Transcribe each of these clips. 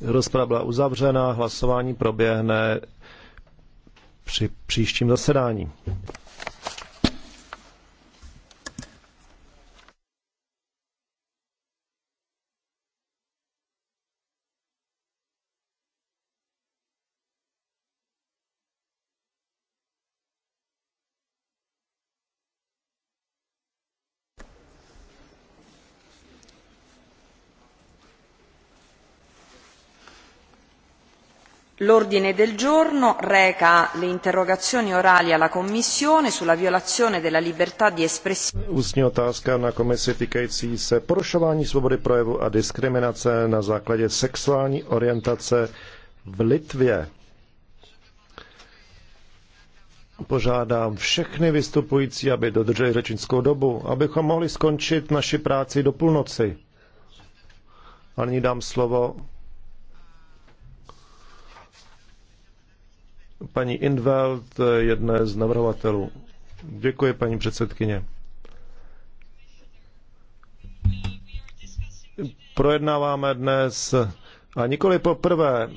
Rozprava byla uzavřena, hlasování proběhne při příštím zasedání. L'ordine del giorno reca le interrogazioni orali alla Commissione sulla violazione della libertà di espressione. Ústní otázka na komisi týkající se porušování svobody projevu a diskriminace na základě sexuální orientace v Litvě. Požádám všechny vystupující, aby dodrželi řečnickou dobu, abychom mohli skončit naši práci do půlnoci. A nyní dám slovo paní Inveld, jedné z navrhovatelů. Děkuji, paní předsedkyně. Projednáváme dnes a nikoli poprvé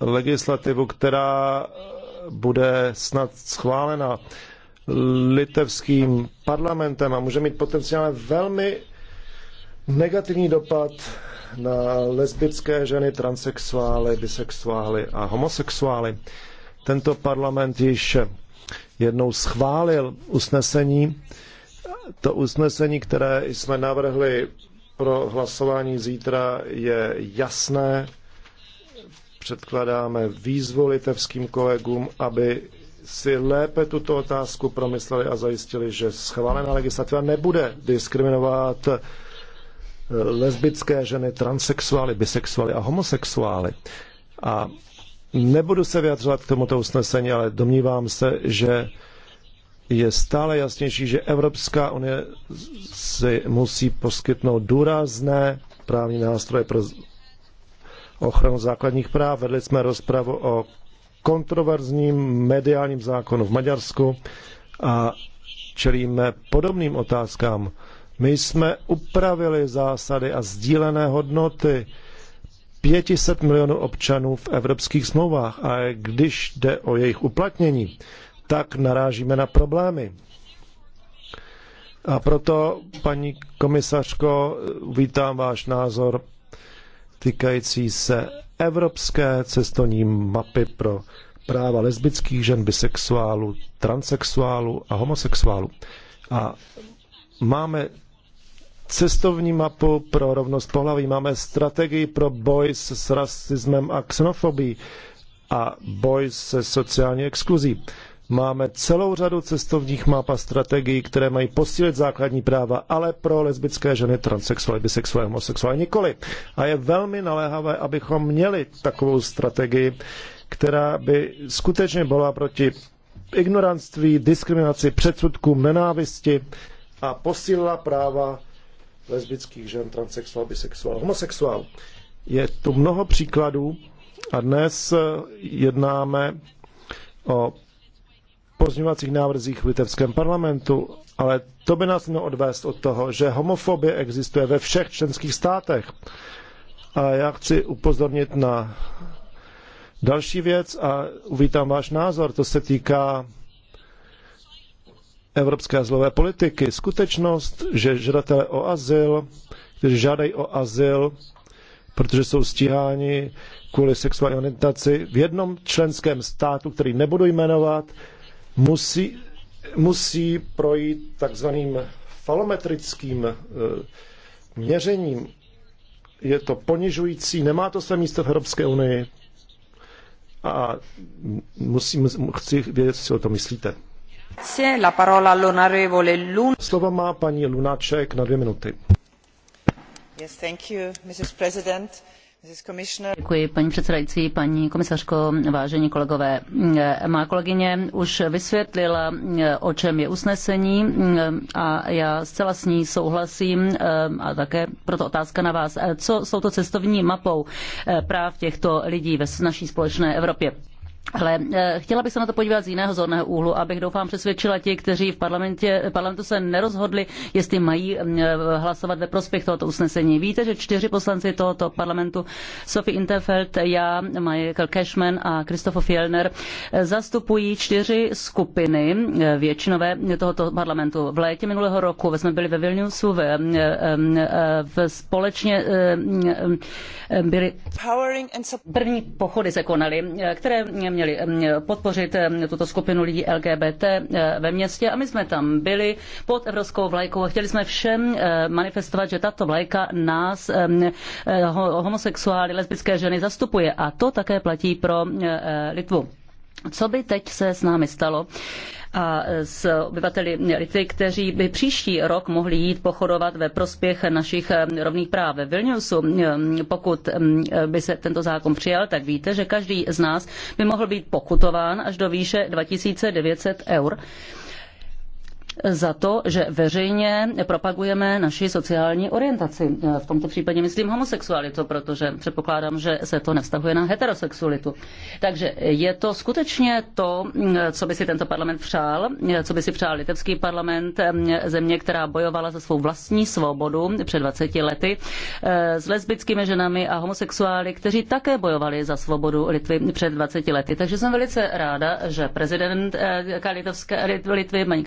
legislativu, která bude snad schválena litevským parlamentem a může mít potenciálně velmi negativní dopad na lesbické ženy, transexuály, bisexuály a homosexuály. Tento parlament již jednou schválil usnesení, to usnesení, které jsme navrhli pro hlasování zítra, je jasné. Předkládáme výzvu litevským kolegům, aby si lépe tuto otázku promysleli a zajistili, že schválená legislativa nebude diskriminovat eh, lesbické ženy, transexuály, bisexuály a homosexuály. A Nebudu se vyjadřovat k tomuto usnesení, ale domnívám se, že je stále jasnější, že Evropská unie si musí poskytnout důrazné právní nástroje pro ochranu základních práv. Vedli jsme rozpravu o kontroverzním mediálním zákonu v Maďarsku a čelíme podobným otázkám. My jsme upravili zásady a sdílené hodnoty 500 milionů občanů v evropských smlouvách a když jde o jejich uplatnění, tak narážíme na problémy. A proto, paní komisařko, vítám váš názor týkající se evropské cestovní mapy pro práva lesbických žen, bisexuálů, transexuálů a homosexuálů. A máme cestovní mapu pro rovnost pohlaví, máme strategii pro boj s rasismem a xenofobií a boj se sociální exkluzí. Máme celou řadu cestovních map a strategií, které mají posílit základní práva, ale pro lesbické ženy, transsexuály, bisexuály, homosexuály nikoli. A je velmi naléhavé, abychom měli takovou strategii, která by skutečně byla proti ignoranství, diskriminaci, předsudkům, nenávisti a posílila práva lesbických žen, transexuál, bisexuál, homosexuál. Je tu mnoho příkladů a dnes eh, jednáme o pozměňovacích návrzích v litevském parlamentu, ale to by nás mělo odvést od toho, že homofobie existuje ve všech členských státech. A já chci upozornit na další věc a uvítám váš názor. To se týká evropské azylové politiky. Skutečnost, že žadatelé o azyl, kteří žádají o azyl, protože jsou stíháni kvůli sexuální orientaci v jednom členském státu, který nebudu jmenovat, musí, musí projít takzvaným falometrickým eh, měřením. Je to ponižující, nemá to své místo v Evropské unii. A musím, chci vědět, co si o tom myslíte. Slovo má paní Lunáček na dvě minuty. Děkuji, paní předsedající, paní komisařko, vážení kolegové. Má kolegyně už vysvětlila, o čem je usnesení a já zcela s ní souhlasím a také proto otázka na vás. Co jsou to cestovní mapou eh, práv těchto lidí ve naší společné Evropě? Ale eh, chtěla bych se na to podívat z jiného zorného úhlu, abych doufám přesvědčila ti, kteří v parlamentě, parlamentu se nerozhodli, jestli mají eh, hlasovat ve prospěch tohoto usnesení. Víte, že čtyři poslanci tohoto parlamentu, Sophie Interfeld, já, Michael Cashman a Christopher Fielner, eh, zastupují čtyři skupiny většinové tohoto parlamentu. V létě minulého roku jsme byli ve Vilniusu v, v společně byly první pochody se konaly, které mě měli eh, podpořit eh, tuto skupinu lidí LGBT eh, ve městě a my jsme tam byli pod evropskou vlajkou a chtěli jsme všem manifestovat, že tato vlajka nás homosexuály, lesbické ženy zastupuje a to také platí pro Litvu. Co by teď se s námi stalo a s obyvateli Litvy, kteří by příští rok mohli jít pochodovat ve prospěch našich eh, rovných práv ve Vilniusu? Eh, pokud eh, by se tento zákon přijal, tak víte, že každý z nás by mohl být pokutován až do výše 2900 eur za to, že veřejně propagujeme naši sociální orientaci. V tomto případě myslím homosexualitu, protože předpokládám, že se to nevztahuje na heterosexualitu. Takže je to skutečně to, co by si tento parlament přál, co by si přál litevský parlament, eh, země, která bojovala za svou vlastní svobodu před 20 lety eh, s lesbickými ženami a homosexuály, kteří také bojovali za svobodu Litvy před 20 lety. Takže jsem velice ráda, že prezident eh, Litovské, Litvy, Maní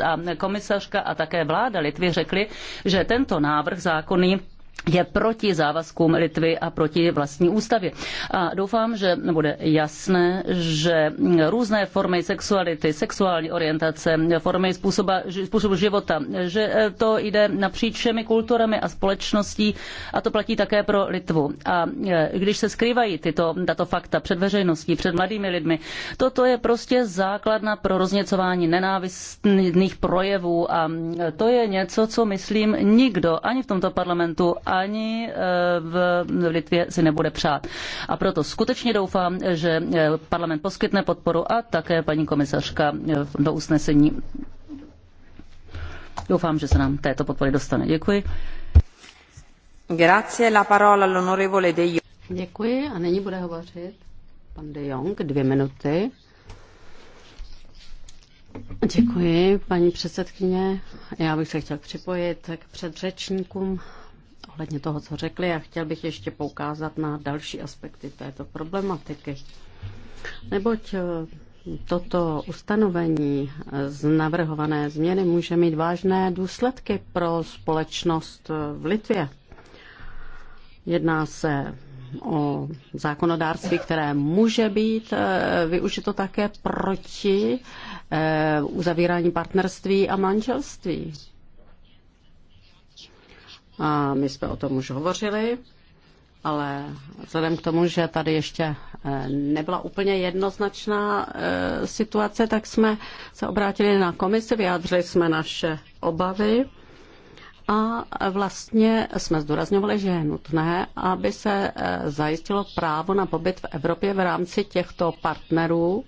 a komisařka a také vláda Litvy řekli, že tento návrh zákonný je proti závazkům Litvy a proti vlastní ústavě. A doufám, že bude jasné, že různé formy sexuality, sexuální orientace, formy způsoba, způsobu života, že to jde napříč všemi kulturami a společností a to platí také pro Litvu. A když se skrývají tyto tato fakta před veřejností, před mladými lidmi, toto je prostě základna pro rozněcování nenávistných projevů a to je něco, co myslím nikdo ani v tomto parlamentu, ani eh, v Litvě si nebude přát. A proto skutečně doufám, že eh, parlament poskytne podporu a také paní komisařka eh, do usnesení. Doufám, že se nám této podpory dostane. Děkuji. Grazie la parola all'onorevole De Jong. Děkuji a nyní bude hovořit pan De Jong dvě minuty. Děkuji, paní předsedkyně. Já bych se chtěl připojit k předřečníkům ohledně toho, co řekli a chtěl bych ještě poukázat na další aspekty této problematiky. Neboť eh, toto ustanovení z navrhované změny může mít vážné důsledky pro společnost eh, v Litvě. Jedná se o zákonodárství, které může být eh, využito také proti uzavírání partnerství a manželství. A my jsme o tom už hovořili, ale vzhledem k tomu, že tady ještě eh, nebyla úplně jednoznačná eh, situace, tak jsme se obrátili na komisi, vyjádřili jsme naše obavy a vlastně jsme zdůrazňovali, že je nutné, aby se eh, zajistilo právo na pobyt v Evropě v rámci těchto partnerů,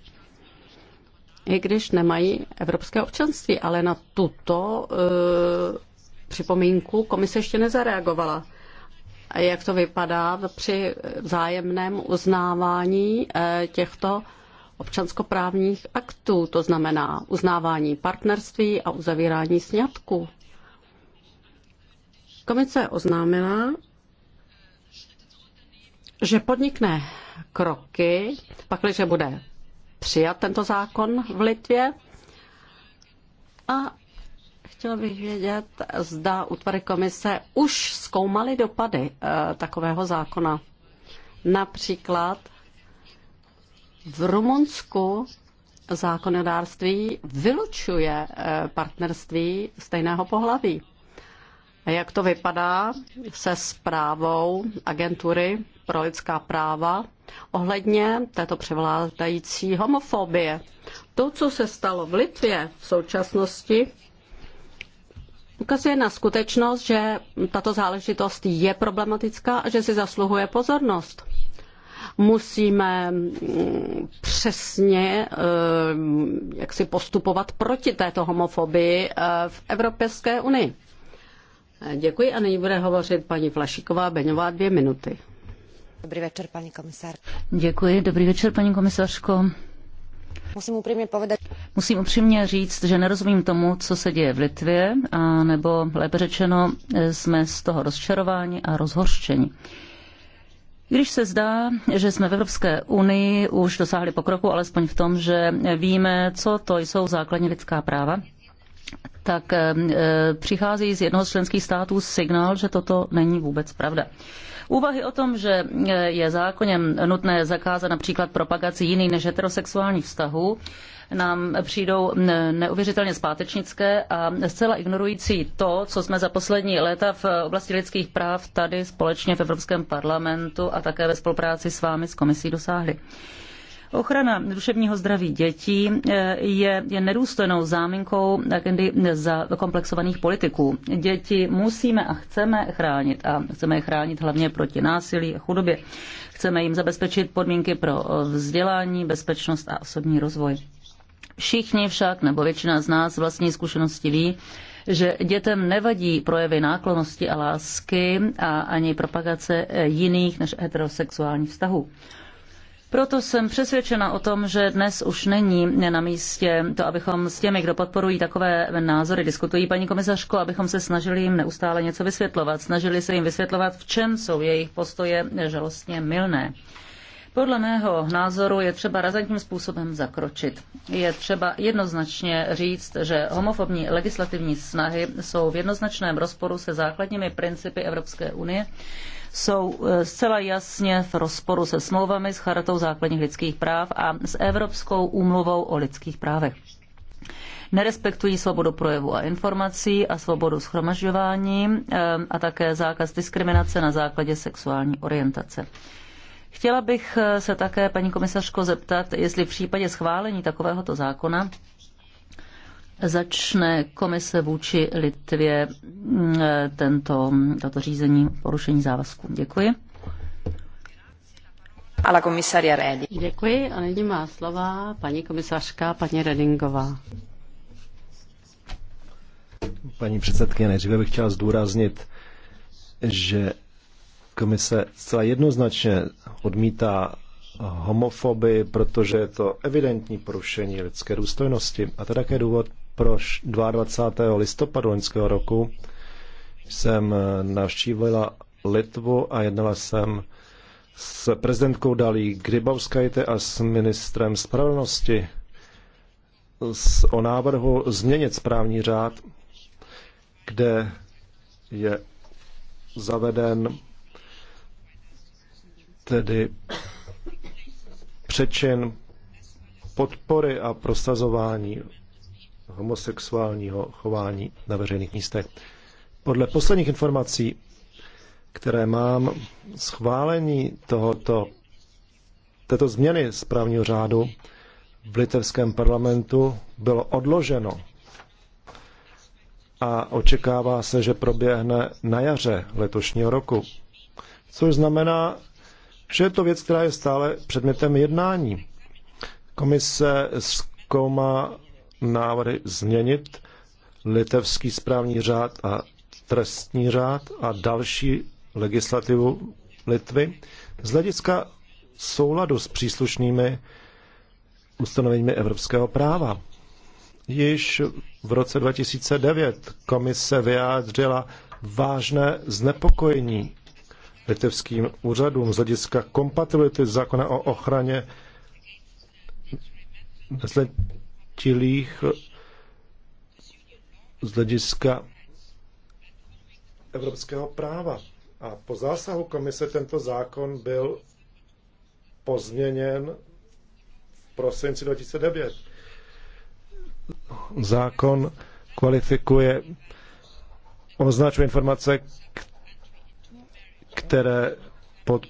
i když nemají evropské občanství, ale na tuto připomínku komise ještě nezareagovala. Jak to vypadá při vzájemném uznávání eh, těchto občanskoprávních aktů, to znamená uznávání partnerství a uzavírání sňatku? Komise oznámila, že podnikne kroky, pakliže bude přijat tento zákon v Litvě, a Chtěla bych vědět, zda útvary komise už zkoumaly dopady eh, takového zákona. Například v Rumunsku zákonodárství vylučuje eh, partnerství stejného pohlaví. A jak to vypadá se zprávou agentury pro lidská práva ohledně této převládající homofobie? To, co se stalo v Litvě v současnosti, ukazuje na skutečnost, že tato záležitost je problematická a že si zasluhuje pozornost. Musíme mm, přesně eh, jak si postupovat proti této homofobii eh, v Evropské unii. Děkuji a nyní bude hovořit paní Flašíková Beňová dvě minuty. Dobrý večer, paní komisárko. Děkuji, dobrý večer, paní komisařko. Musím upřímně říct, že nerozumím tomu, co se děje v Litvě, a nebo lépe řečeno, jsme z toho rozčarováni a rozhorštěni. Když se zdá, že jsme v Evropské unii už dosáhli pokroku, alespoň v tom, že víme, co to jsou základní lidská práva, tak eh, přichází z jednoho z členských států signál, že toto není vůbec pravda. Úvahy o tom, že je zákonem nutné zakázat například propagaci jiných než heterosexuálních vztahů, nám přijdou neuvěřitelně zpátečnické a zcela ignorující to, co jsme za poslední léta v oblasti lidských práv tady společně v Evropském parlamentu a také ve spolupráci s vámi, s komisí dosáhli. Ochrana duševního zdraví dětí eh, je, je nedůstojnou záminkou agendy za komplexovaných politiků. Děti musíme a chceme chránit a chceme je chránit hlavně proti násilí a chudobě. Chceme jim zabezpečit podmínky pro eh, vzdělání, bezpečnost a osobní rozvoj. Všichni však, nebo většina z nás vlastní zkušenosti ví, že dětem nevadí projevy náklonosti a lásky a ani propagace eh, jiných než heterosexuálních vztahů. Proto jsem přesvědčena o tom, že dnes už není na místě to, abychom s těmi, kdo podporují takové názory, diskutují, paní komisařko, abychom se snažili jim neustále něco vysvětlovat, snažili se jim vysvětlovat, v čem jsou jejich postoje žalostně mylné. Podle mého názoru je třeba razantním způsobem zakročit. Je třeba jednoznačně říct, že homofobní legislativní snahy jsou v jednoznačném rozporu se základními principy Evropské unie, jsou eh, zcela jasně v rozporu se smlouvami, s Chartou základních lidských práv a s Evropskou úmluvou o lidských právech nerespektují svobodu projevu a informací a svobodu schromažďování eh, a také zákaz diskriminace na základě sexuální orientace. Chtěla bych eh, se také, paní komisařko, zeptat, jestli v případě schválení takovéhoto zákona začne komise vůči Litvě mm, tento, tato řízení porušení závazků. Děkuji. Ala komisaria Redi. Děkuji a nyní má slova paní komisařka, paní Redingová. Paní předsedkyně, nejdříve bych chtěla zdůraznit, že komise zcela jednoznačně odmítá homofoby, protože je to evidentní porušení lidské důstojnosti. A to je také důvod, pro 22. listopadu loňského roku jsem navštívila Litvu a jednala jsem s prezidentkou Dalí Grybavskajte a s ministrem spravedlnosti o návrhu změnit správní řád, kde je zaveden tedy přečin podpory a prosazování homosexuálního chování na veřejných místech. Podle posledních informací, které mám, schválení tohoto, této změny správního řádu v litevském parlamentu bylo odloženo a očekává se, že proběhne na jaře letošního roku. Což znamená, že je to věc, která je stále předmětem jednání. Komise zkoumá návrhy změnit litevský správní řád a trestní řád a další legislativu Litvy z hlediska souladu s příslušnými ustanoveními evropského práva. Již v roce 2009 komise vyjádřila vážné znepokojení litevským úřadům z hlediska kompatibility zákona o ochraně nezletilých z hlediska evropského práva. A po zásahu komise tento zákon byl pozměněn v prosinci 2009. Zákon kvalifikuje, označuje informace, které pod,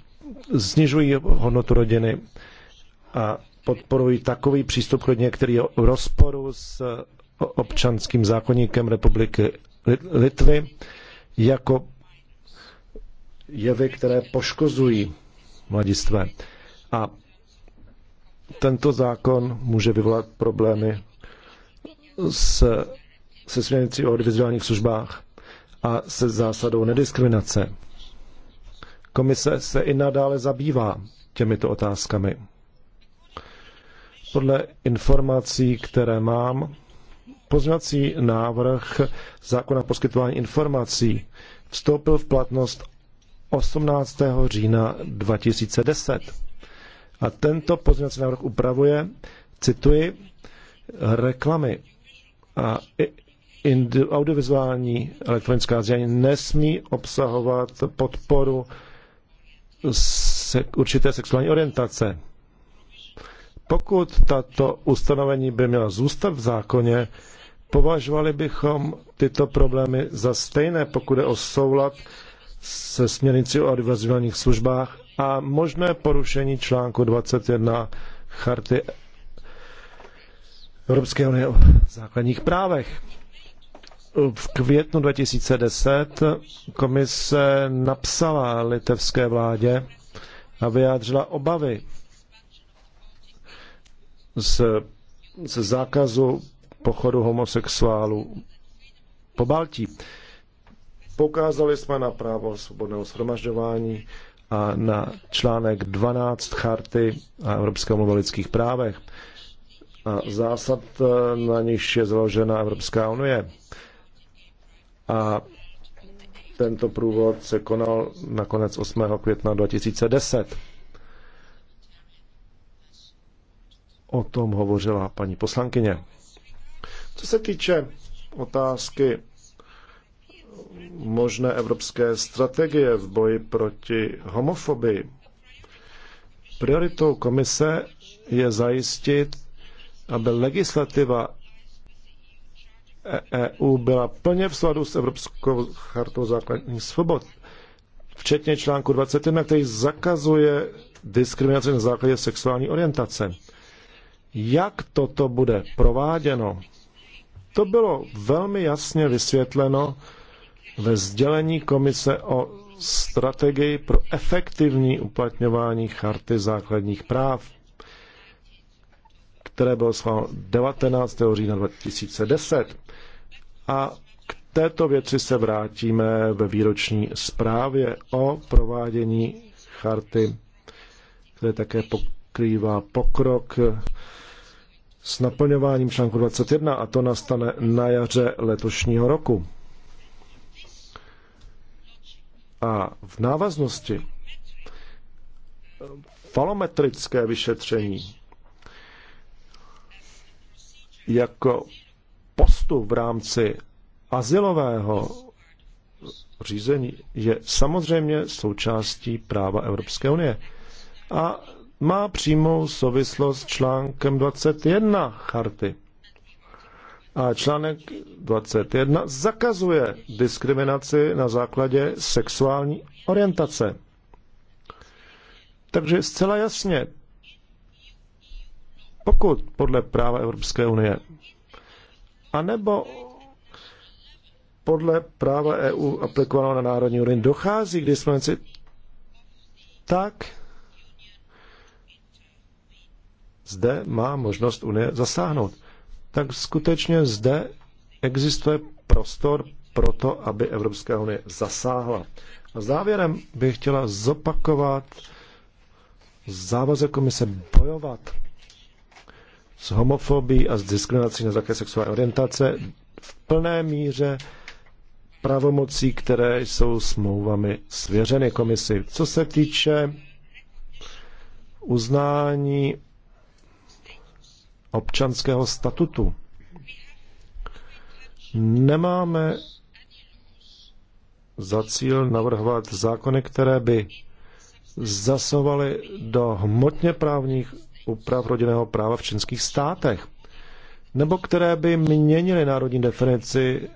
snižují hodnotu rodiny a podporují takový přístup k který je v rozporu s občanským zákonníkem republiky Litvy jako jevy, které poškozují mladistvé. A tento zákon může vyvolat problémy s, se směrnicí o audiovizuálních službách a se zásadou nediskriminace. Komise se i nadále zabývá těmito otázkami. Podle informací, které mám, pozměňovací návrh zákona poskytování informací vstoupil v platnost 18. října 2010. A tento pozměnací návrh upravuje, cituji, reklamy a audiovizuální elektronická sdělení nesmí obsahovat podporu se určité sexuální orientace. Pokud tato ustanovení by měla zůstat v zákoně, považovali bychom tyto problémy za stejné, pokud je o soulad se směrnicí o audiovizuálních službách a možné porušení článku 21 Charty Evropské unie o základních právech. V květnu 2010 komise napsala litevské vládě a vyjádřila obavy ze, z zákazu pochodu homosexuálů po Baltí. Poukázali jsme na právo svobodného shromažďování a na článek 12 charty a Evropské lidských právech a zásad, eh, na nich je založena Evropská unie. A tento průvod se konal nakonec 8. května 2010. O tom hovořila paní poslankyně. Co se týče otázky možné evropské strategie v boji proti homofobii, prioritou komise je zajistit, aby legislativa EU e byla plně v souladu s Evropskou chartou základních svobod, včetně článku 21, který zakazuje diskriminaci na základě sexuální orientace jak toto bude prováděno, to bylo velmi jasně vysvětleno ve sdělení Komise o strategii pro efektivní uplatňování Charty základních práv, které bylo schváleno 19. října 2010. A k této věci se vrátíme ve výroční zprávě o provádění Charty, které také skrývá pokrok s naplňováním článku 21 a to nastane na jaře letošního roku. A v návaznosti falometrické vyšetření jako postup v rámci asilového řízení je samozřejmě součástí práva Evropské unie. A má přímou souvislost s článkem 21 charty. A článek 21 zakazuje diskriminaci na základě sexuální orientace. Takže zcela jasně, pokud podle práva Evropské unie, anebo podle práva EU aplikovaného na národní úrovni dochází k diskriminaci, tak zde má možnost Unie zasáhnout. Tak skutečně zde existuje prostor pro to, aby Evropská unie zasáhla. A závěrem bych chtěla zopakovat závazek komise bojovat s homofobí a s diskriminací na základě sexuální orientace v plné míře pravomocí, které jsou smlouvami svěřeny komisi. Co se týče uznání občanského statutu. Nemáme za cíl navrhovat zákony, které by zasovaly do hmotně právních úprav rodinného práva v čínských státech, nebo které by měnily národní definici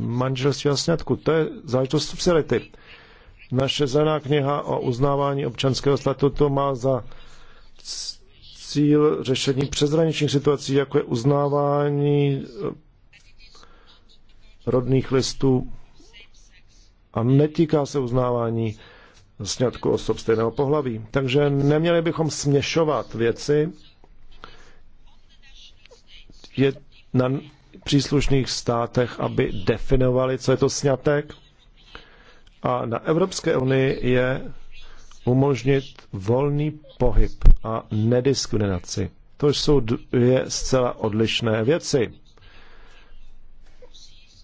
manželství a sňatku. To je záležitost subsidiarity. Naše zelená kniha o uznávání občanského statutu má za cíl řešení přezraničních situací, jako je uznávání eh, rodných listů a netýká se uznávání sňatku osob stejného pohlaví. Takže neměli bychom směšovat věci. Je na příslušných státech, aby definovali, co je to sňatek. A na Evropské unii je umožnit volný pohyb a nediskriminaci. To jsou dvě zcela odlišné věci.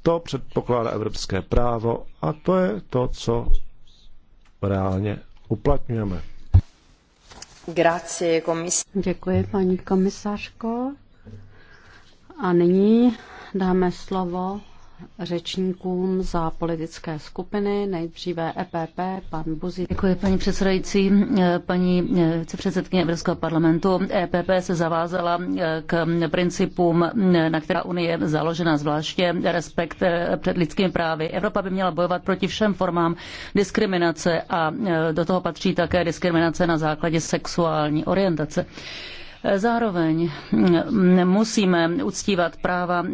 To předpokládá evropské právo a to je to, co reálně uplatňujeme. Grazie, komis- Děkuji, paní komisařko. A nyní dáme slovo řečníkům za politické skupiny, nejdříve EPP, pan Buzi. Děkuji, paní předsedající, paní předsedkyně Evropského parlamentu. EPP se zavázala k principům, na která Unie je založena, zvláště respekt před lidskými právy. Evropa by měla bojovat proti všem formám diskriminace a do toho patří také diskriminace na základě sexuální orientace. Zároveň musíme uctívat práva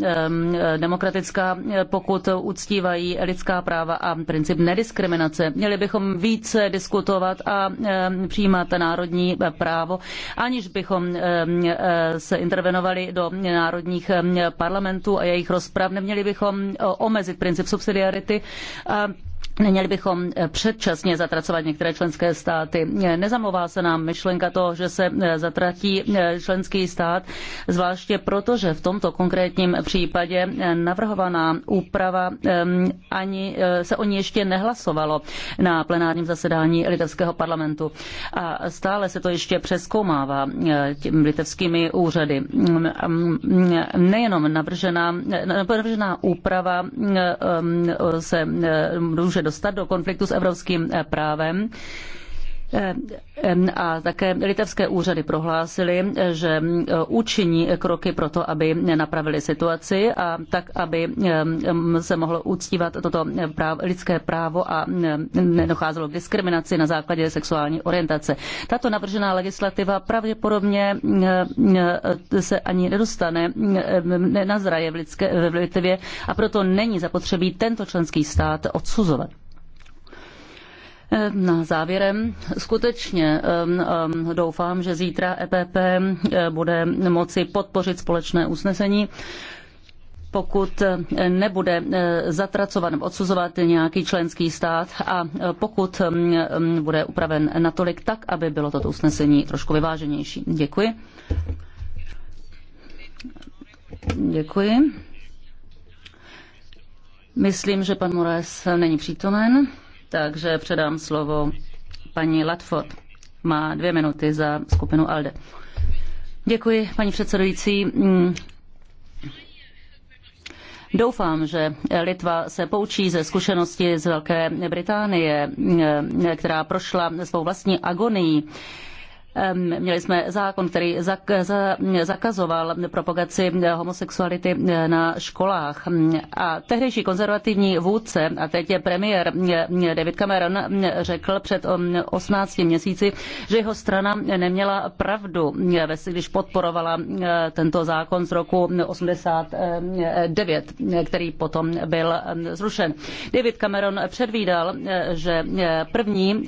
demokratická, pokud uctívají lidská práva a princip nediskriminace. Měli bychom více diskutovat a přijímat národní právo, aniž bychom se intervenovali do národních parlamentů a jejich rozprav. Neměli bychom omezit princip subsidiarity a Neměli bychom eh, předčasně zatracovat některé členské státy. Eh, Nezamlouvá se nám myšlenka toho, že se eh, zatratí členský stát, zvláště proto, že v tomto konkrétním případě navrhovaná úprava ani se o ní ještě nehlasovalo na plenárním zasedání litevského parlamentu. A stále se to ještě přeskoumává těm litevskými úřady. Mm, mm, nejenom navržená, navržená úprava se může dostat do konfliktu s evropským eh, právem. Eh, eh, a také litevské úřady prohlásily, že učiní kroky pro to, aby napravili situaci a tak, aby se mohlo uctívat toto právo, lidské právo a nedocházelo k diskriminaci na základě sexuální orientace. Tato navržená legislativa pravděpodobně se ani nedostane, nenazraje v, lidské, v Litvě a proto není zapotřebí tento členský stát odsuzovat. Eh, na závěrem skutečně doufám, že zítra EPP eh, bude moci podpořit společné usnesení pokud eh, nebude zatracovat nebo odsuzovat nějaký členský stát a pokud bude upraven natolik tak, aby bylo toto usnesení trošku vyváženější. Děkuji. Děkuji. Myslím, že pan Moraes není přítomen takže předám slovo paní Latford. Má dvě minuty za skupinu ALDE. Děkuji, paní předsedající. Doufám, že Litva se poučí ze zkušenosti z Velké Británie, která prošla svou vlastní agonii. Měli jsme zákon, který zakazoval propagaci homosexuality na školách. A tehdejší konzervativní vůdce, a teď je premiér David Cameron, řekl před 18 měsíci, že jeho strana neměla pravdu, když podporovala tento zákon z roku 89, který potom byl zrušen. David Cameron předvídal, že první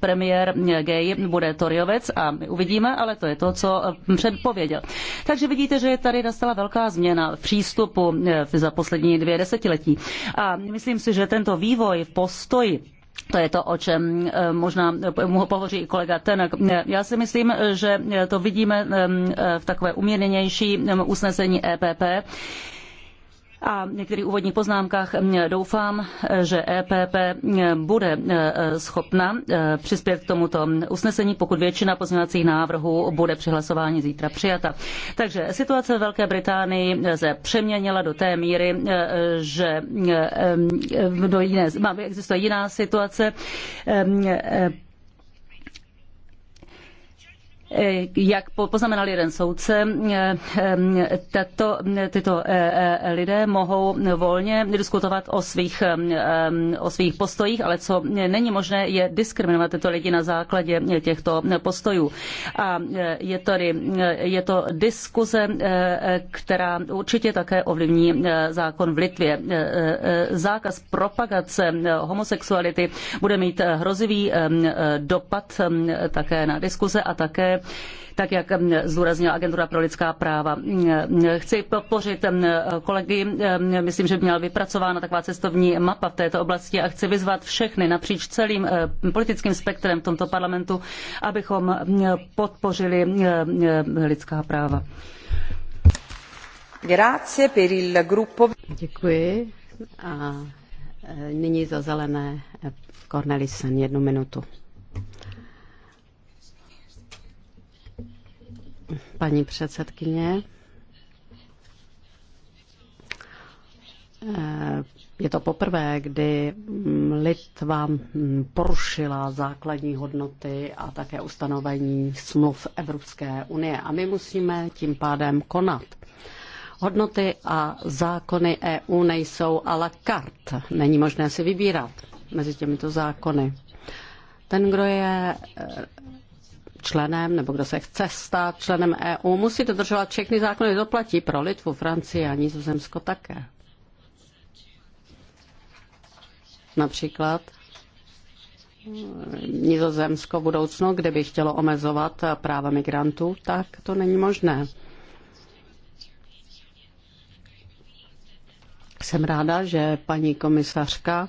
premiér gay bude Tory bojovec a my uvidíme, ale to je to, co eh, předpověděl. Takže vidíte, že je tady nastala velká změna v přístupu eh, za poslední dvě desetiletí. A myslím si, že tento vývoj v postoji to je to, o čem eh, možná pohoří i kolega Tenek. Já si myslím, že to vidíme v takové umírněnější usnesení EPP a v některých úvodních poznámkách mm, doufám, že EPP mm, bude mm, schopna přispět k tomuto usnesení, pokud většina pozměňovacích návrhů bude při hlasování zítra přijata. Takže situace ve Velké Británii se přeměnila do té míry, že do jiné, existuje jiná situace jak poznamenal jeden soudce, tato, tyto eh, eh, lidé mohou volně diskutovat o svých, eh, o svých postojích, ale co není možné, je diskriminovat tyto lidi na základě těchto postojů. A je, tady, je to diskuze, která určitě také ovlivní zákon v Litvě. Zákaz propagace homosexuality bude mít hrozivý dopad také na diskuze a také tak jak zdůraznila Agentura pro lidská práva. Chci podpořit kolegy, myslím, že by měla vypracována taková cestovní mapa v této oblasti a chci vyzvat všechny napříč celým eh, politickým spektrem v tomto parlamentu, abychom eh, podpořili eh, lidská práva. Grazie per il gruppo. Děkuji. A nyní za zelené Cornelisen jednu minutu. paní předsedkyně. Eh, je to poprvé, kdy Litva porušila základní hodnoty a také ustanovení smluv Evropské unie. A my musíme tím pádem konat. Hodnoty a zákony EU nejsou à la carte. Není možné si vybírat mezi těmito zákony. Ten, kdo je eh, členem nebo kdo se chce stát členem EU, musí dodržovat všechny zákony, to platí pro Litvu, Francii a Nizozemsko také. Například eh, Nizozemsko v budoucnu, by chtělo omezovat práva migrantů, tak to není možné. Jsem ráda, že paní komisařka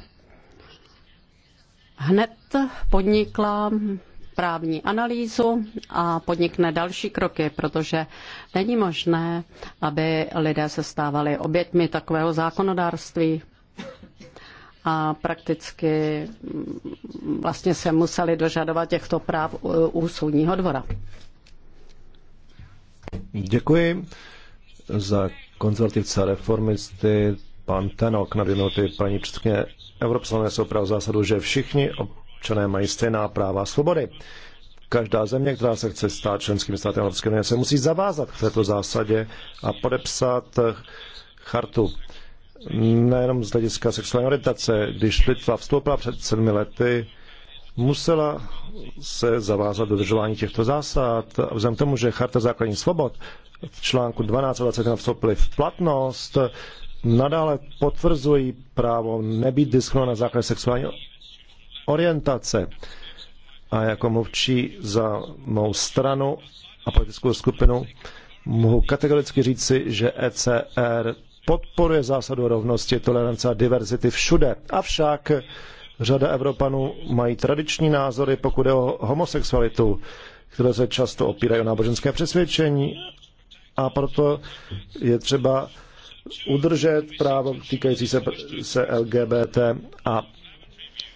hned podnikla právní analýzu a podnikne další kroky, protože není možné, aby lidé se stávali obětmi takového zákonodárství a prakticky mm, vlastně se museli dožadovat těchto práv u soudního dvora. Děkuji za konzervativce reformisty pan Tenok na dvě minuty. Paní předsedkyně Evropské jsou práv zásadu, že všichni občané mají stejná práva a svobody. Každá země, která se chce stát členským státem Evropské unie, se musí zavázat k této zásadě a podepsat eh, chartu. Nejenom z hlediska sexuální orientace, když Litva vstoupila před sedmi lety, musela se zavázat dodržování těchto zásad. Vzhledem tomu, že Charta základních svobod v článku 12 a 21 vstoupily v platnost, nadále potvrzují právo nebýt diskriminován na základě sexuální orientace. A jako mluvčí za mou stranu a politickou skupinu mohu kategoricky říci, že ECR podporuje zásadu rovnosti, tolerance a diverzity všude. Avšak řada Evropanů mají tradiční názory, pokud je o homosexualitu, které se často opírají o náboženské přesvědčení a proto je třeba udržet právo týkající se, se LGBT a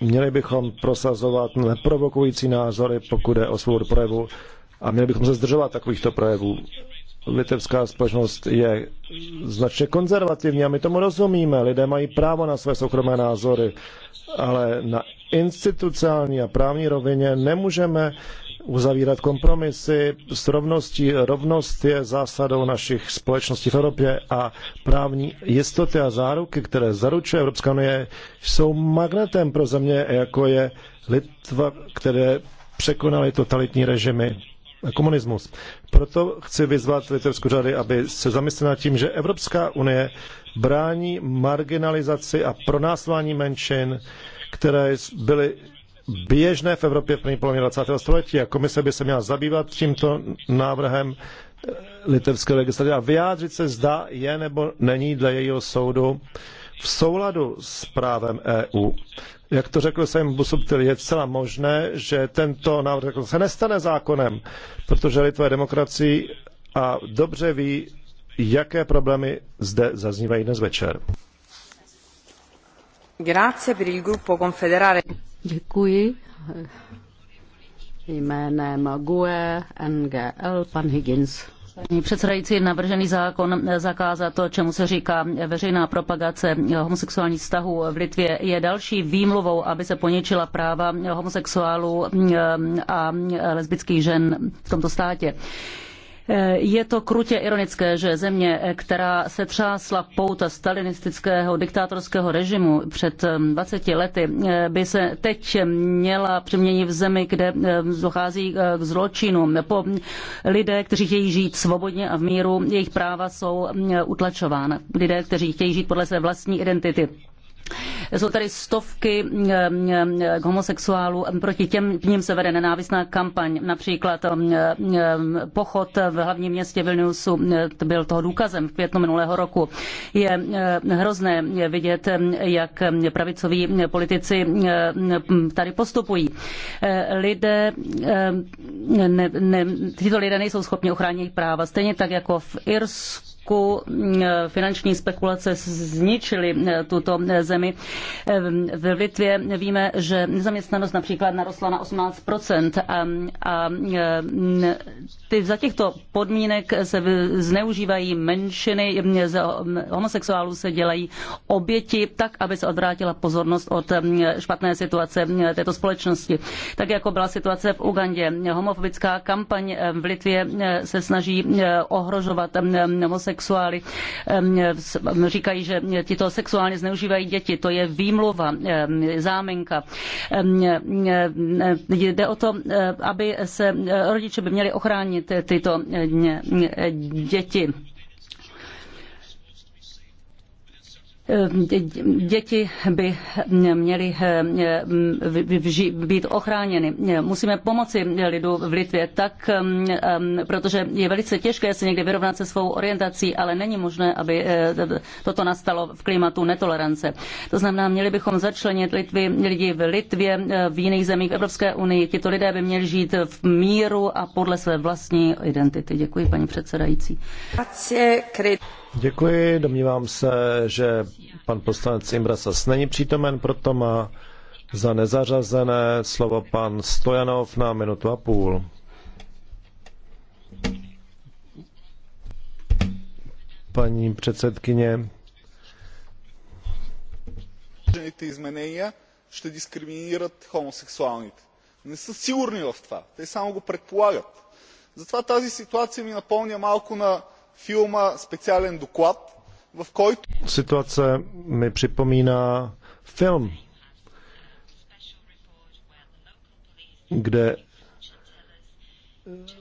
Měli bychom prosazovat neprovokující názory, pokud je o svobodu projevu, a měli bychom se zdržovat takovýchto projevů. Litevská společnost je značně konzervativní a my tomu rozumíme. Lidé mají právo na své soukromé názory, ale na institucionální a právní rovině nemůžeme uzavírat kompromisy s rovností. Rovnost je zásadou našich společností v Evropě a právní jistoty a záruky, které zaručuje Evropská unie, jsou magnetem pro země, jako je Litva, které překonaly totalitní režimy a komunismus. Proto chci vyzvat litevskou řady, aby se zamysleli nad tím, že Evropská unie brání marginalizaci a pronásování menšin, které byly běžné v Evropě v první polovině 20. století a komise by se měla zabývat tímto návrhem eh, litevské legislativy a vyjádřit se, zda je nebo není dle jejího soudu v souladu s právem EU. Jak to řekl jsem Busubtil, je celá možné, že tento návrh jako se nestane zákonem, protože Litva je demokracií a dobře ví, jaké problémy zde zaznívají dnes večer. Grazie per il gruppo confederale. Děkuji. Jménem GUE NGL pan Higgins. Paní předsedající, navržený zákon zakázat to, čemu se říká veřejná propagace homosexuálních vztahů v Litvě, je další výmluvou, aby se poničila práva homosexuálů eh, a lesbických žen v tomto státě. Je to krutě ironické, že země, která se třásla pouta stalinistického diktátorského režimu před 20 lety, eh, by se teď měla přeměnit v zemi, kde eh, dochází eh, k zločinům. Po lidé, kteří chtějí žít svobodně a v míru, jejich práva jsou mm, utlačována. Lidé, kteří chtějí žít podle své vlastní identity. Jsou tady stovky homosexuálů, proti těm ním se vede nenávistná kampaň. Například pochod v hlavním městě Vilniusu byl toho důkazem v květnu minulého roku. Je hrozné vidět, jak pravicoví politici tady postupují. E, lidé, ne, ne, tyto lidé nejsou schopni ochránit práva, stejně tak jako v Irsku roku mm, finanční spekulace zničily mm, tuto mm, zemi. Ehm, v Litvě víme, že nezaměstnanost například narostla na 18 a, a ty, za těchto podmínek se zneužívají menšiny, z homosexuálů se dělají oběti tak, aby se odvrátila pozornost od špatné situace této společnosti. Tak jako byla situace v Ugandě. Homofobická kampaň ehm, v Litvě se snaží ohrožovat homosexuální homosexuály říkají, že tito sexuálně zneužívají děti. To je výmluva, zámenka. Jde o to, eh, aby se eh, rodiče by měli ochránit tyto eh, děti. Děti by měly eh, být ochráněny. Musíme pomoci lidu v Litvě, tak, mm, mm, protože je velice těžké se někdy vyrovnat se svou orientací, ale není možné, aby eh, toto nastalo v klimatu netolerance. To znamená, měli bychom začlenit Litvy, lidi v Litvě, eh, v jiných zemích v Evropské unii. Tito lidé by měli žít v míru a podle své vlastní identity. Děkuji, paní předsedající. Děkuji, domnívám se, že pan poslanec Imbrasas není přítomen, proto má za nezařazené slovo pan Stojanov na minutu a půl. Paní předsedkyně. Ty změny, že дискриминират homosexuální, nejsou са сигурни в това. Те само го предполагат. Затова тази ситуация ми филма специален доклад, в който... Ситуация ми připomíná film, kde eh,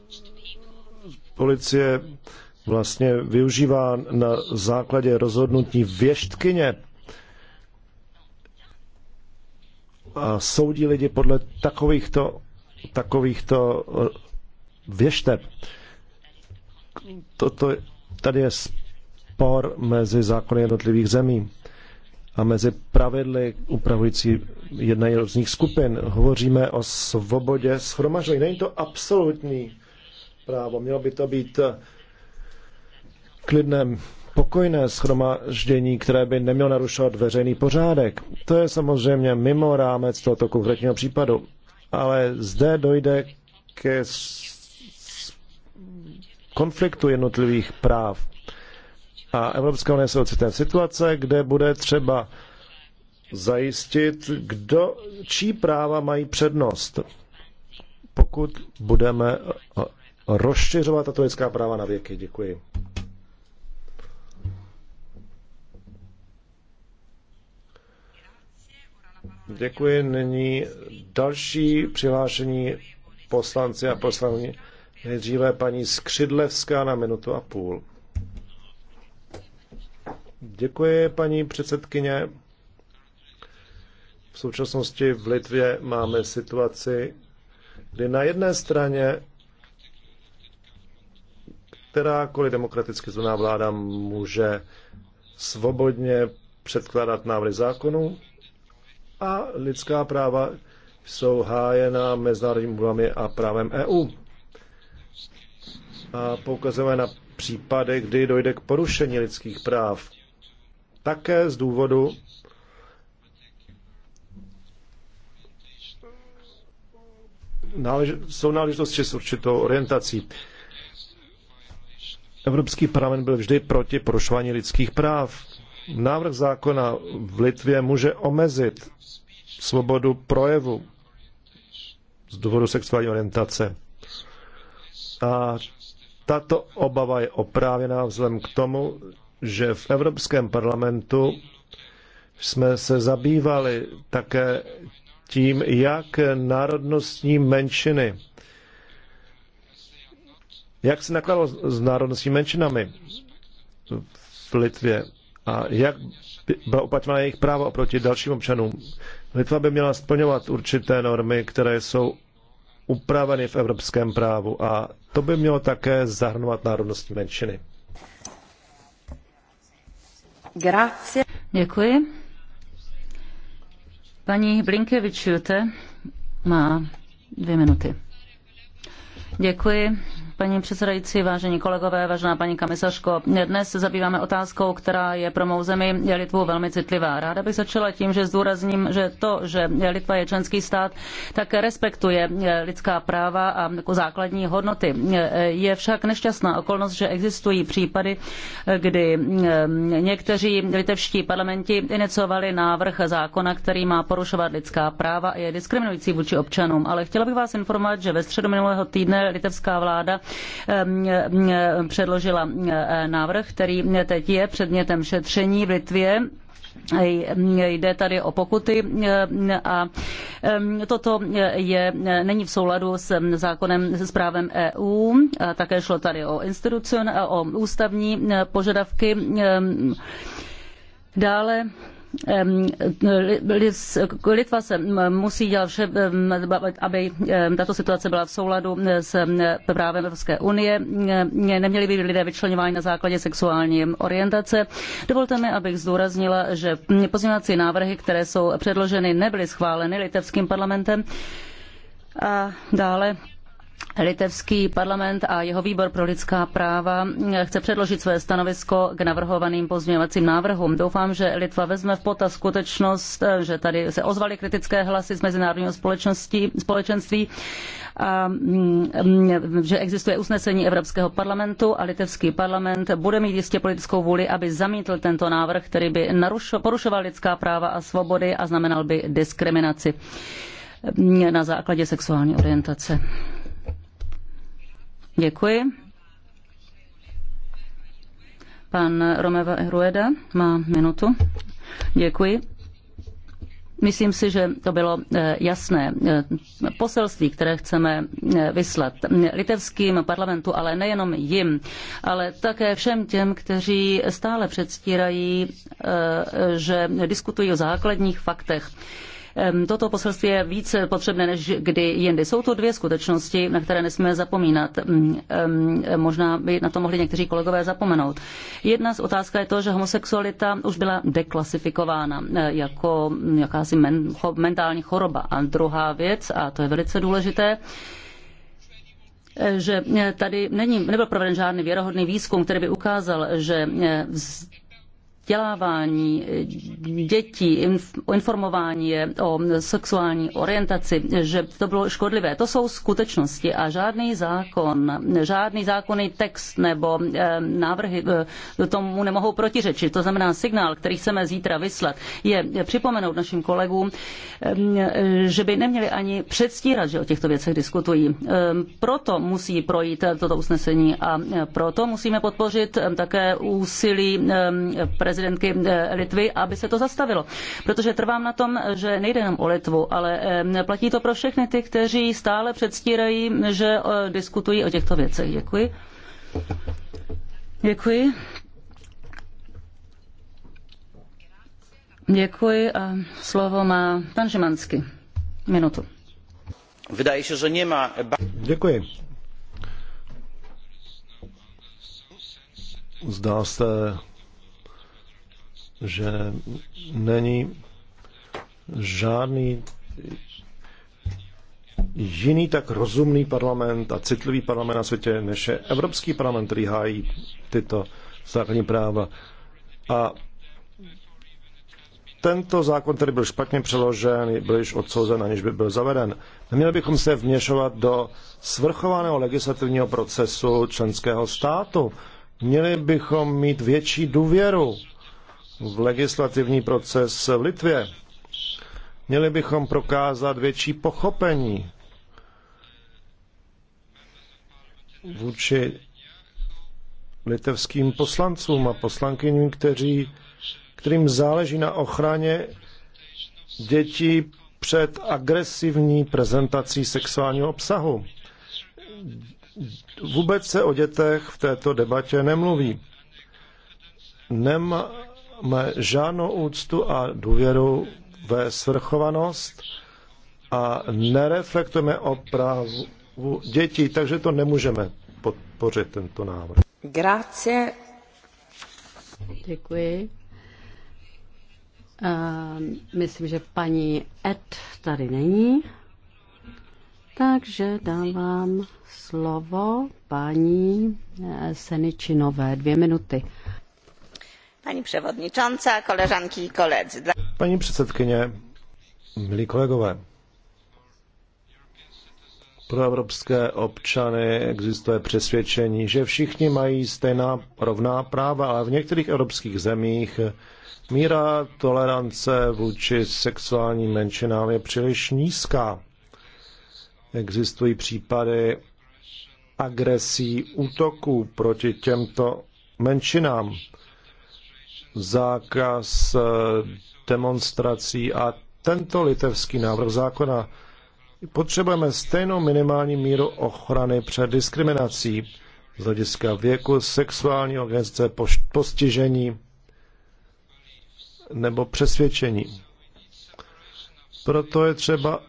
policie vlastně využívá na základě rozhodnutí věštkyně a soudí lidi podle takovýchto, takovýchto eh, věšteb. To tady je spor mezi zákony jednotlivých zemí a mezi pravidly upravující jednání různých skupin. Hovoříme o svobodě schromažení. Není to absolutní právo. Mělo by to být eh, klidné, pokojné schromaždění, které by nemělo narušovat veřejný pořádek. To je samozřejmě mimo rámec tohoto konkrétního případu. Ale zde dojde ke konfliktu jednotlivých práv. A Evropská unie se ocitne v situace, kde bude třeba zajistit, kdo, čí práva mají přednost, pokud budeme eh, rozšiřovat tato lidská práva na věky. Děkuji. Děkuji. Nyní další přihlášení poslanci a poslanci. Nejdříve paní Skřidlevská na minutu a půl. Děkuji, paní předsedkyně. V současnosti v Litvě máme situaci, kdy na jedné straně kterákoliv demokraticky zvolená vláda může svobodně předkládat návrhy zákonů a lidská práva jsou hájena mezinárodními mluvami a právem EU poukazujeme na případy, kdy dojde k porušení lidských práv. Také z důvodu nálež, jsou náležitosti s určitou orientací. Evropský parlament byl vždy proti porušování lidských práv. Návrh zákona v Litvě může omezit svobodu projevu z důvodu sexuální orientace. A tato obava je oprávěná vzhledem k tomu, že v Evropském parlamentu jsme se zabývali také tím, jak národnostní menšiny, jak se nakládalo s národnostními menšinami v Litvě a jak byla uplatňována jejich práva oproti dalším občanům. Litva by měla splňovat určité normy, které jsou upraveny v evropském právu a to by mělo také zahrnovat národnostní menšiny. Grazie. Děkuji. Paní Blinkevičiute má dvě minuty. Děkuji paní předsedající, vážení kolegové, vážená paní komisařko. Dnes se zabýváme otázkou, která je pro mou zemi Litvu velmi citlivá. Ráda bych začala tím, že zdůrazním, že to, že Litva je členský stát, tak respektuje lidská práva a jako základní hodnoty. Je však nešťastná okolnost, že existují případy, kdy někteří litevští parlamenti iniciovali návrh zákona, který má porušovat lidská práva a je diskriminující vůči občanům. Ale chtěla bych vás informovat, že ve středu minulého týdne litevská vláda Ehm, ehm, předložila eh, návrh, který teď je předmětem šetření v Litvě ehm, jde tady o pokuty a toto eh, je, eh, není v souladu s zákonem, s právem EU. A také šlo tady o institucion, o ústavní požadavky. Dále Litva se musí dělat vše, aby tato situace byla v souladu s právem Evropské unie. Neměli by lidé vyčlenováni na základě sexuální orientace. Dovolte mi, abych zdůraznila, že pozměňovací návrhy, které jsou předloženy, nebyly schváleny litevským parlamentem. A dále Litevský parlament a jeho výbor pro lidská práva chce předložit své stanovisko k navrhovaným pozměňovacím návrhům. Doufám, že Litva vezme v potaz skutečnost, že tady se ozvaly kritické hlasy z mezinárodního společenství a mm, mm, že existuje usnesení Evropského parlamentu a litevský parlament bude mít jistě politickou vůli, aby zamítl tento návrh, který by narušo, porušoval lidská práva a svobody a znamenal by diskriminaci mm, na základě sexuální orientace. Děkuji. Pan Romeva Rueda má minutu. Děkuji. Myslím si, že to bylo eh, jasné eh, poselství, které chceme eh, vyslat litevským parlamentu, ale nejenom jim, ale také všem těm, kteří stále předstírají, že diskutují o základních faktech. Toto poselství je více potřebné než kdy jindy. Jsou to dvě skutečnosti, na které nesmíme zapomínat. Možná by na to mohli někteří kolegové zapomenout. Jedna z otázka je to, že homosexualita už byla deklasifikována eh, jako jakási men, cho, mentální choroba. A druhá věc, a to je velice důležité, eh, že eh, tady není, nebyl proveden žádný věrohodný výzkum, který by ukázal, že vz vzdělávání dětí, informování je o sexuální orientaci, že to bylo škodlivé. To jsou skutečnosti a žádný zákon, žádný zákonný text nebo eh, návrhy eh, tomu nemohou protiřečit. To znamená signál, který chceme zítra vyslat, je připomenout našim kolegům, eh, že by neměli ani předstírat, že o těchto věcech diskutují. Proto musí projít toto usnesení a proto musíme podpořit také úsilí pre prezidentky eh, Litvy, aby se to zastavilo. Protože trvám na tom, že nejde jenom o Litvu, ale eh, platí to pro všechny ty, kteří stále předstírají, že eh, diskutují o těchto věcech. Děkuji. Děkuji. Děkuji a slovo má pan Minutu. Wydaje se, že nemá. Děkuji. Zdá se, že není žádný jiný tak rozumný parlament a citlivý parlament na světě, než je Evropský parlament, který hájí tyto základní práva. A tento zákon, který byl špatně přeložen, byl již odsouzen, aniž by byl zaveden. Neměli bychom se vměšovat do svrchovaného legislativního procesu členského státu. Měli bychom mít větší důvěru v legislativní proces v Litvě. Měli bychom prokázat větší pochopení vůči litevským poslancům a poslankyním, kteří, kterým záleží na ochraně dětí před agresivní prezentací sexuálního obsahu. Vůbec se o dětech v této debatě nemluví. Nemá máme žádnou úctu a důvěru ve svrchovanost a nereflektujeme o právu dětí, takže to nemůžeme podpořit, tento návrh. Grazie. Děkuji. Uh, myslím, že paní Ed tady není. Takže dávám slovo paní Seničinové. Dvě minuty. Paní předsedající, koleżanki i koledzy. Paní předsedkyně, milí kolegové, pro evropské občany existuje přesvědčení, že všichni mají stejná rovná práva, ale v některých evropských zemích míra tolerance vůči sexuálním menšinám je příliš nízká. Existují případy agresí, útoků proti těmto menšinám zákaz eh, demonstrací a tento litevský návrh zákona. Potřebujeme stejnou minimální míru ochrany před diskriminací z hlediska věku, sexuální organizace, postižení nebo přesvědčení. Proto je třeba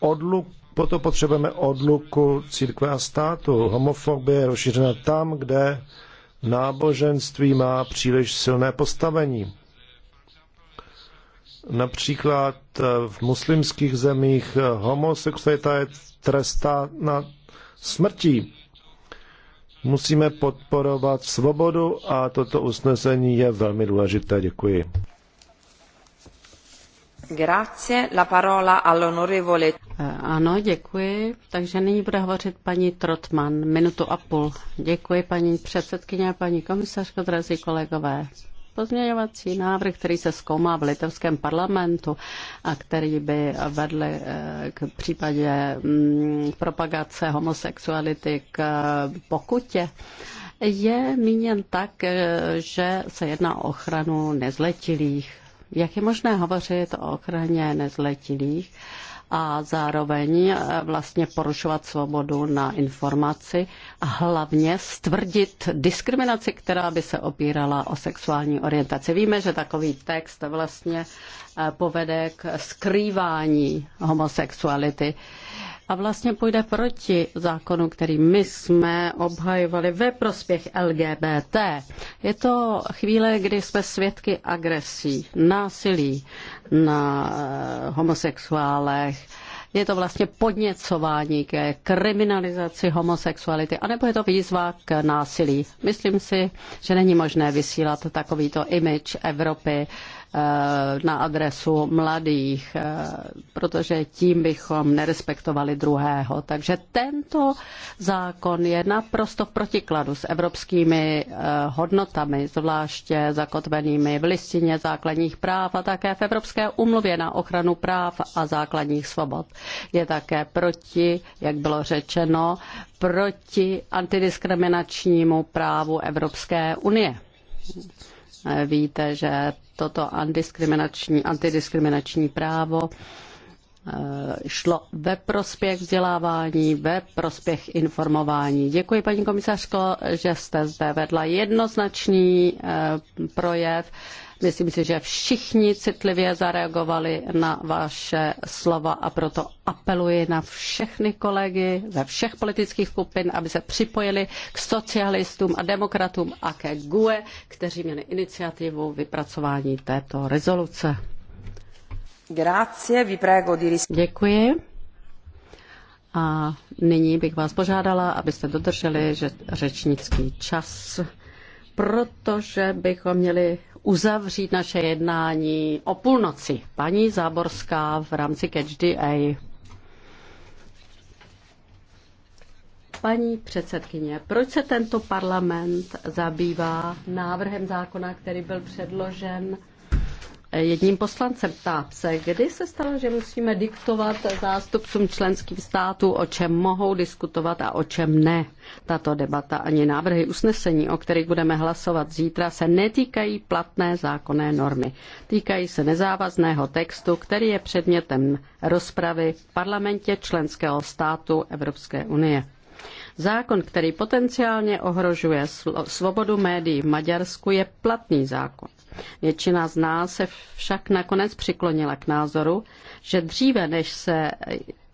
odluk, proto potřebujeme odluku církve a státu. Homofobie je rozšířena tam, kde náboženství má příliš silné postavení. Například eh, v muslimských zemích eh, homosexualita je na smrtí. Musíme podporovat svobodu a toto usnesení je velmi důležité. Děkuji. Grazie, la parola all'onorevole. Eh, ano, děkuji. Takže nyní bude hovořit paní Trotman, minutu a půl. Děkuji paní předsedkyně a paní komisařko, drazí kolegové. Pozměňovací návrh, který se zkoumá v litevském parlamentu a který by vedl eh, k případě mm, propagace homosexuality k eh, pokutě, je míněn tak, že se jedná o ochranu nezletilých jak je možné hovořit o ochraně nezletilých a zároveň eh, vlastně porušovat svobodu na informaci a hlavně stvrdit diskriminaci, která by se opírala o sexuální orientaci. Víme, že takový text vlastně eh, povede k skrývání homosexuality a vlastně půjde proti zákonu, který my jsme obhajovali ve prospěch LGBT. Je to chvíle, kdy jsme svědky agresí, násilí na eh, homosexuálech, je to vlastně podněcování ke kriminalizaci homosexuality, anebo je to výzva k násilí. Myslím si, že není možné vysílat takovýto image Evropy Eh, na adresu mladých, eh, protože tím bychom nerespektovali druhého. Takže tento zákon je naprosto v protikladu s evropskými eh, hodnotami, zvláště zakotvenými v listině základních práv a také v Evropské umluvě na ochranu práv a základních svobod. Je také proti, jak bylo řečeno, proti antidiskriminačnímu právu Evropské unie. Víte, že toto antidiskriminační, antidiskriminační právo eh, šlo ve prospěch vzdělávání, ve prospěch informování. Děkuji, paní komisařko, že jste zde vedla jednoznačný eh, projev. Myslím si, že všichni citlivě zareagovali na vaše slova a proto apeluji na všechny kolegy ze všech politických skupin, aby se připojili k socialistům a demokratům a ke GUE, kteří měli iniciativu vypracování této rezoluce. Grazie, vi prego di Děkuji. A nyní bych vás požádala, abyste dodrželi že řečnický čas, protože bychom měli uzavřít naše jednání o půlnoci. Paní Záborská v rámci Catch Paní předsedkyně, proč se tento parlament zabývá návrhem zákona, který byl předložen jedním poslancem. Ptá se, kdy se stalo, že musíme diktovat zástupcům členských států, o čem mohou diskutovat a o čem ne. Tato debata ani návrhy usnesení, o kterých budeme hlasovat zítra, se netýkají platné zákonné normy. Týkají se nezávazného textu, který je předmětem rozpravy v parlamentě členského státu Evropské unie. Zákon, který potenciálně ohrožuje svobodu médií v Maďarsku, je platný zákon. Většina z nás se však nakonec přiklonila k názoru, že dříve, než se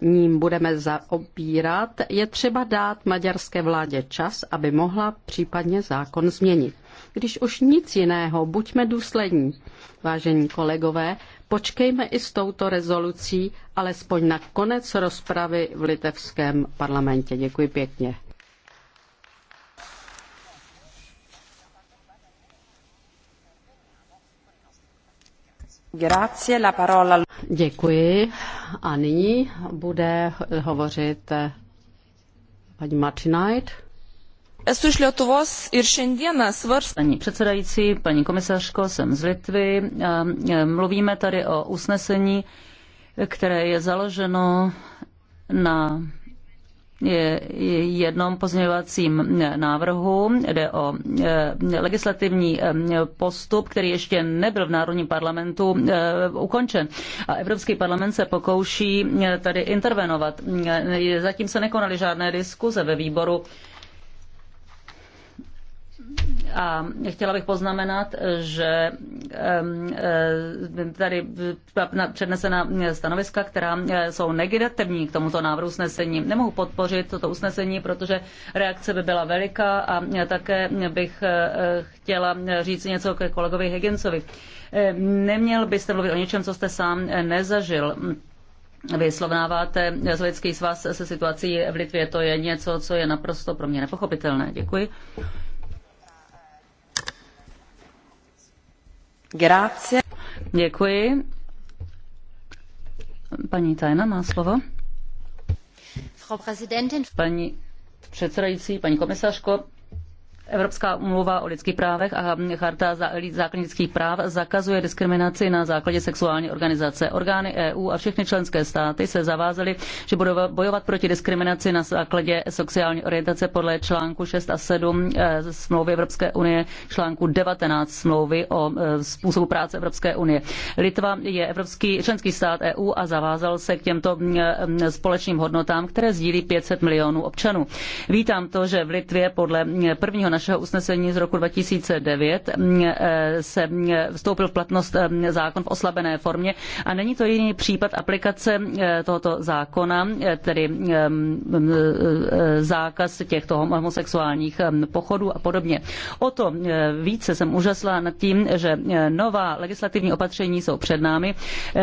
ním budeme zaobírat, je třeba dát maďarské vládě čas, aby mohla případně zákon změnit. Když už nic jiného, buďme důslední, vážení kolegové, počkejme i s touto rezolucí, alespoň na konec rozpravy v litevském parlamentě. Děkuji pěkně. Děkuji. A nyní bude hovořit eh, paní Martinajt. Esu iš Lietuvos ir šiandieną svarst... Paní předsedající, paní komisařko, jsem z Litvy. E, mluvíme tady o usnesení, které je založeno na jednom pozměňovacím návrhu. Jde o eh, legislativní eh, postup, který ještě nebyl v Národním parlamentu eh, ukončen. A Evropský parlament se pokouší tady intervenovat. Zatím se nekonaly žádné diskuze ve výboru a chtěla bych poznamenat, že tady přednesena stanoviska, která e, jsou negativní k tomuto návrhu usnesení. Nemohu podpořit toto usnesení, protože reakce by byla veliká a také bych e, chtěla říct něco ke kolegovi Higginsovi. Neměl byste mluvit o něčem, co jste sám nezažil. Vy slovnáváte Sovětský svaz se situací v Litvě. To je něco, co je naprosto pro mě nepochopitelné. Děkuji. Grazie. Děkuji. Paní Tajna má slovo. Frau Paní předsedající, paní komisařko, Evropská umluva o lidských právech a Charta základních práv zakazuje diskriminaci na základě sexuální organizace. Orgány EU a všechny členské státy se zavázaly, že budou bojovat proti diskriminaci na základě sexuální orientace podle článku 6 a 7 eh, smlouvy Evropské unie, článku 19 smlouvy o eh, způsobu práce Evropské unie. Litva je evropský členský stát EU a zavázal se k těmto eh, společným hodnotám, které sdílí 500 milionů občanů. Vítám to, že v Litvě podle prvního naš našeho usnesení z roku 2009 mm, eh, se mm, eh, vstoupil v platnost eh, mm, zákon v oslabené formě a není to jediný případ aplikace tohoto zákona, tedy zákaz těchto homosexuálních pochodů a podobně. O to více jsem úžasla nad tím, že nová legislativní opatření jsou před námi,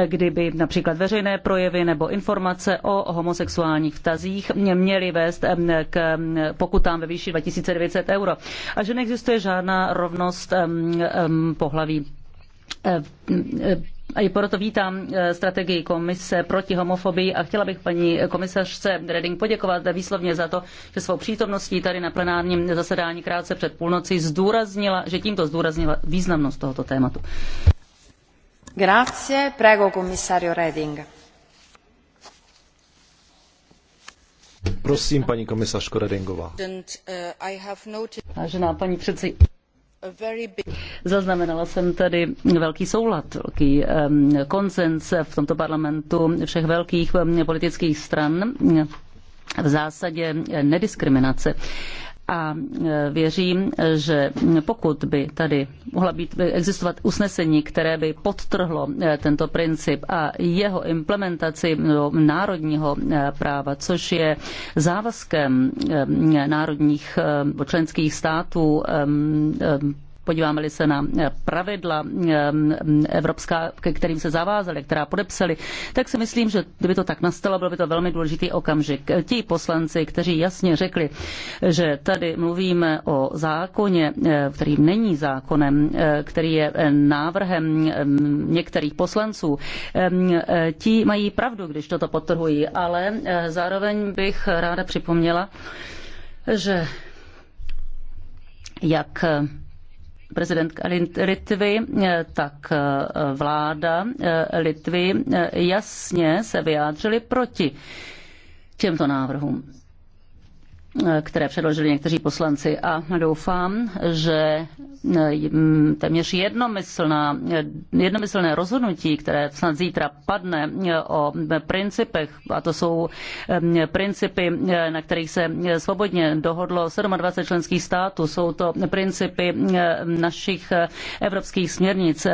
kdyby například veřejné projevy nebo informace o homosexuálních vztazích měly vést k pokutám ve výši 2900 euro a že neexistuje žádná rovnost pohlaví. A i proto vítám eh, strategii komise proti homofobii a chtěla bych paní komisařce Reding poděkovat výslovně za to, že svou přítomností tady na plenárním zasedání krátce před půlnoci zdůraznila, že tímto zdůraznila významnost tohoto tématu. Grazie, prego komisario Reding. Prosím, paní komisařko Redingová. Vážená paní předsedkyně, Zaznamenala jsem tady velký soulad, velký konsens v tomto parlamentu všech velkých politických stran v zásadě nediskriminace a e, věřím, že pokud by tady mohla být, existovat usnesení, které by podtrhlo e, tento princip a jeho implementaci do národního e, práva, což je závazkem národních členských států podíváme-li se na eh, pravidla eh, evropská, ke kterým se zavázali, která podepsali, tak si myslím, že kdyby to tak nastalo, bylo by to velmi důležitý okamžik. Eh, ti poslanci, kteří jasně řekli, že tady mluvíme o zákoně, který není zákonem, který je návrhem některých poslanců, ti mají pravdu, když toto potrhují, ale zároveň bych ráda připomněla, že jak prezident Litvy, eh, tak eh, vláda eh, Litvy jasně se vyjádřili proti těmto návrhům které předložili někteří poslanci a doufám, že mm, téměř jednomyslná, jednomyslné rozhodnutí, které snad zítra padne e, o principech, a to jsou e, principy, e, na kterých se svobodně dohodlo 27 členských států, jsou to principy našich evropských směrnic,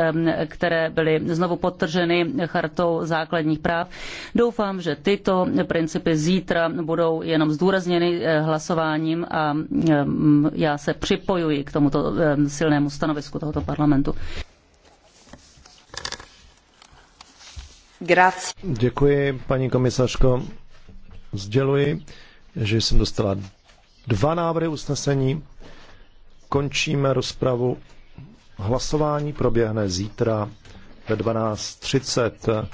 které byly znovu podtrženy chartou základních práv. Doufám, že tyto principy zítra budou jenom zdůrazněny hlasováním a mm, já se připojuji k tomuto mm, silnému stanovisku tohoto parlamentu. Grazie. Děkuji, paní komisařko. Sděluji, že jsem dostala dva návrhy usnesení. Končíme rozpravu. Hlasování proběhne zítra ve 12.30.